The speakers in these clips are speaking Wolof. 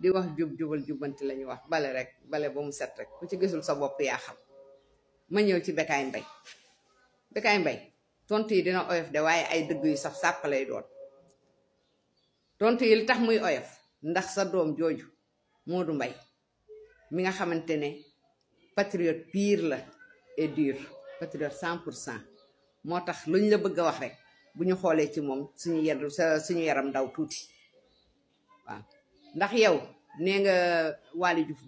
di wax jub jubal jubanti la wax bale rek bale ba mu set rek ku ci gisul sa bopp yaa xam ma ñëw ci Bécaye mbay Bécaye Mbaye tontu yi dina oyof de waaye ay dëgg yu saf sàpp lay doon tontu yi li tax muy oyof ndax sa doom jooju Modou mbay mi nga xamante ne patriote piir la et dur patriote cent pour cent moo tax luñ la bëgg a wax rek bu ñu xoolee ci moom suñu yaram suñu yaram ndaw tuuti waaw ndax yow nee nga Waly Diouf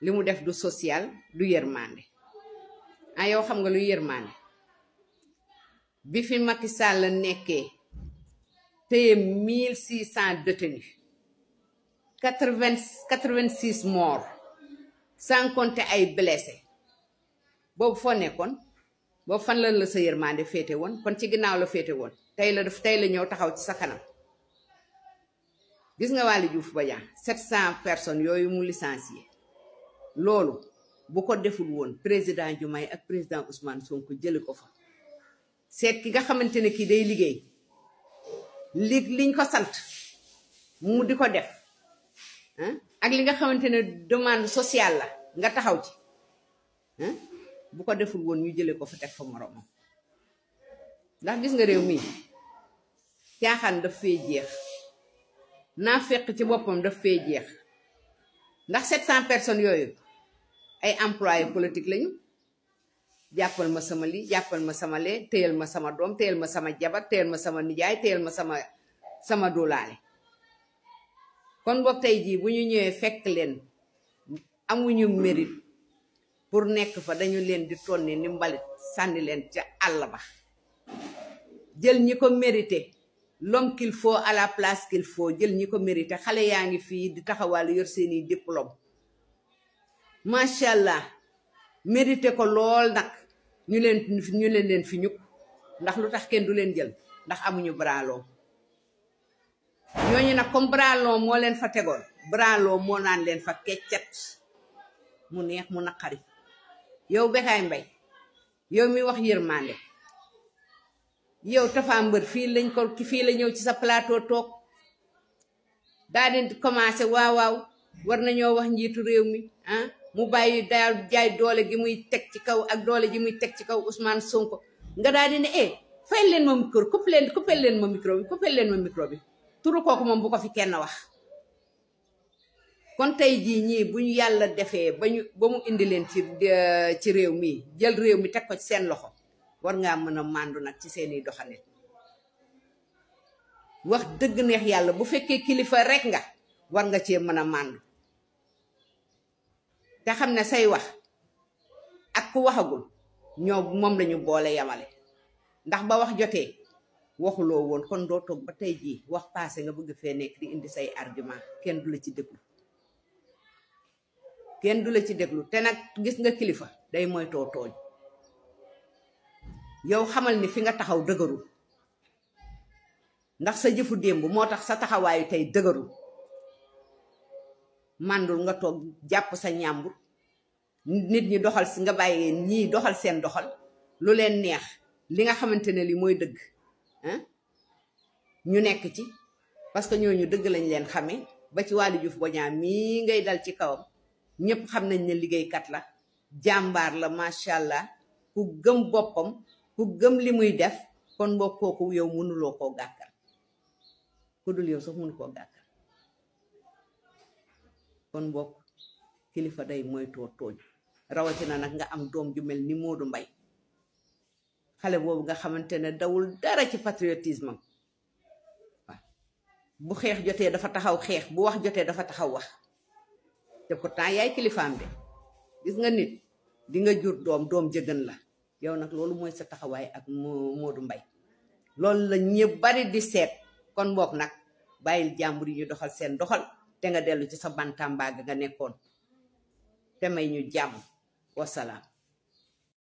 li mu def du social du yërmande ah yow xam nga lu yërmande bi fi Macky Sall la nekkee téye mille six cent détenus quatre vingt quatre vingt six morts sans compter ay blessés boobu foo nekkoon boobu fan lan la sa yërmande féete woon kon ci ginnaaw la féete woon tey la def tey la ñëw taxaw ci sa kanam gis nga fu Diouf Bodiang 700 personnes yooyu mu yi loolu bu ko deful woon président ju may ak président Ousmane Sonko jëlee ko fa seet ki nga xamante ne kii day liggéey li liñ ko sant mu di ko def ak li nga xamante ne demande sociale la nga taxaw ci bu ko deful woon ñu jëlee ko fa teg fa moromam ndax gis nga réew mi caaxaan daf fee jeex. naa fekk ci boppam daf fee jeex ndax 700 personne yooyu ay employé politique lañu jàppal ma sama lii jàppal ma sama lee téyal ma sama doom téyal sama jabar ma sama nijaay téyal ma sama sama dolaale kon boog tey jii bu ñu ñëwee fekk leen amuñu mérite pour nekk fa dañu leen di tonni ni mbalit sànni leen ca àll ba jël ñi ko mérité l'homme qu'il faut à la place qu'il faut jël ñi ko mérité xale yaa ngi fii di taxawal yor seeni diplôme macha allah mérité ko lool nag ñu leen ñu leen leen fii ñukk ndax lu tax kenn du leen jël ndax amuñu bralon ñooñu nag comme bralon moo leen fa tegoon bralon moo naan leen fa keccet mu neex mu naqari yow Bécaye Mbaye yow mi wax yërmande yow Tapha Mbeur fii lañ ko fii la ñëw ci sa plateau toog daa di commencé waaw waaw war nañoo wax njiitu réew mi ah mu bàyyi daal jaay doole gi muy teg ci kaw ak doole gi muy teg ci kaw Ousmane Sonko nga daa di ne eh fay leen ma micro coupé leen leen ma micro bi coupé leen ma micro bi turu kooku moom bu ko fi kenn wax kon tey jii ñii bu ñu yàlla defee ba ñu ba mu indi leen ci euh, ci réew mi jël réew mi teg ko ci seen loxo war ngaa mën a màndu nag ci seeni doxalin wax dëgg neex yàlla bu fekkee kilifa rek nga war nga cee mën a màndu te xam ne say wax ak ku waxagul ñoo moom lañu boole yamale ndax ba wax jotee waxuloo woon kon doo toog ba tey jii wax passé nga bëgg fee nekk di indi say argument kenn du la ci déglu kenn du la ci déglu te nag gis nga kilifa day moytoo tooñ yow xamal ni fi nga taxaw dëgërul ndax sa jëfu démb moo tax sa taxawaayu tey dëgërul màndul nga toog jàpp sa ñàmbur nit ñi doxal si nga bàyyi ñii doxal seen doxal lu leen neex li nga xamante ne li mooy dëgg ñu nekk ci parce que ñooñu dëgg lañ leen xamee ba ci Waly Diouf Bodiang mii ngay dal ci kawam ñëpp xam nañ ne liggéeykat la jàmbaar la macha allah ku gëm boppam ku gëm li muy def kon mbokk kooku yow mënuloo koo gàkkal ku dul yow sax koo gàkkal kon mbokk kilifa day moytoo tooñ rawatina nag nga am doom ju mel ni Modou mbay xale boobu nga xamante ne dawul dara ci patriotisme am bu xeex jotee dafa taxaw xeex bu wax jotee dafa taxaw wax te pourtant yaay kilifaam de gis nga nit di nga jur doom doom jëgën la yow nag loolu mooy sa taxawaay ak Modou mbay loolu la ñu bari di seet kon boog nag bàyyil jàmbur yi ñu doxal seen doxal te nga dellu ci sa bantambaaga nga nekkoon te may ñu jàmm wasalaam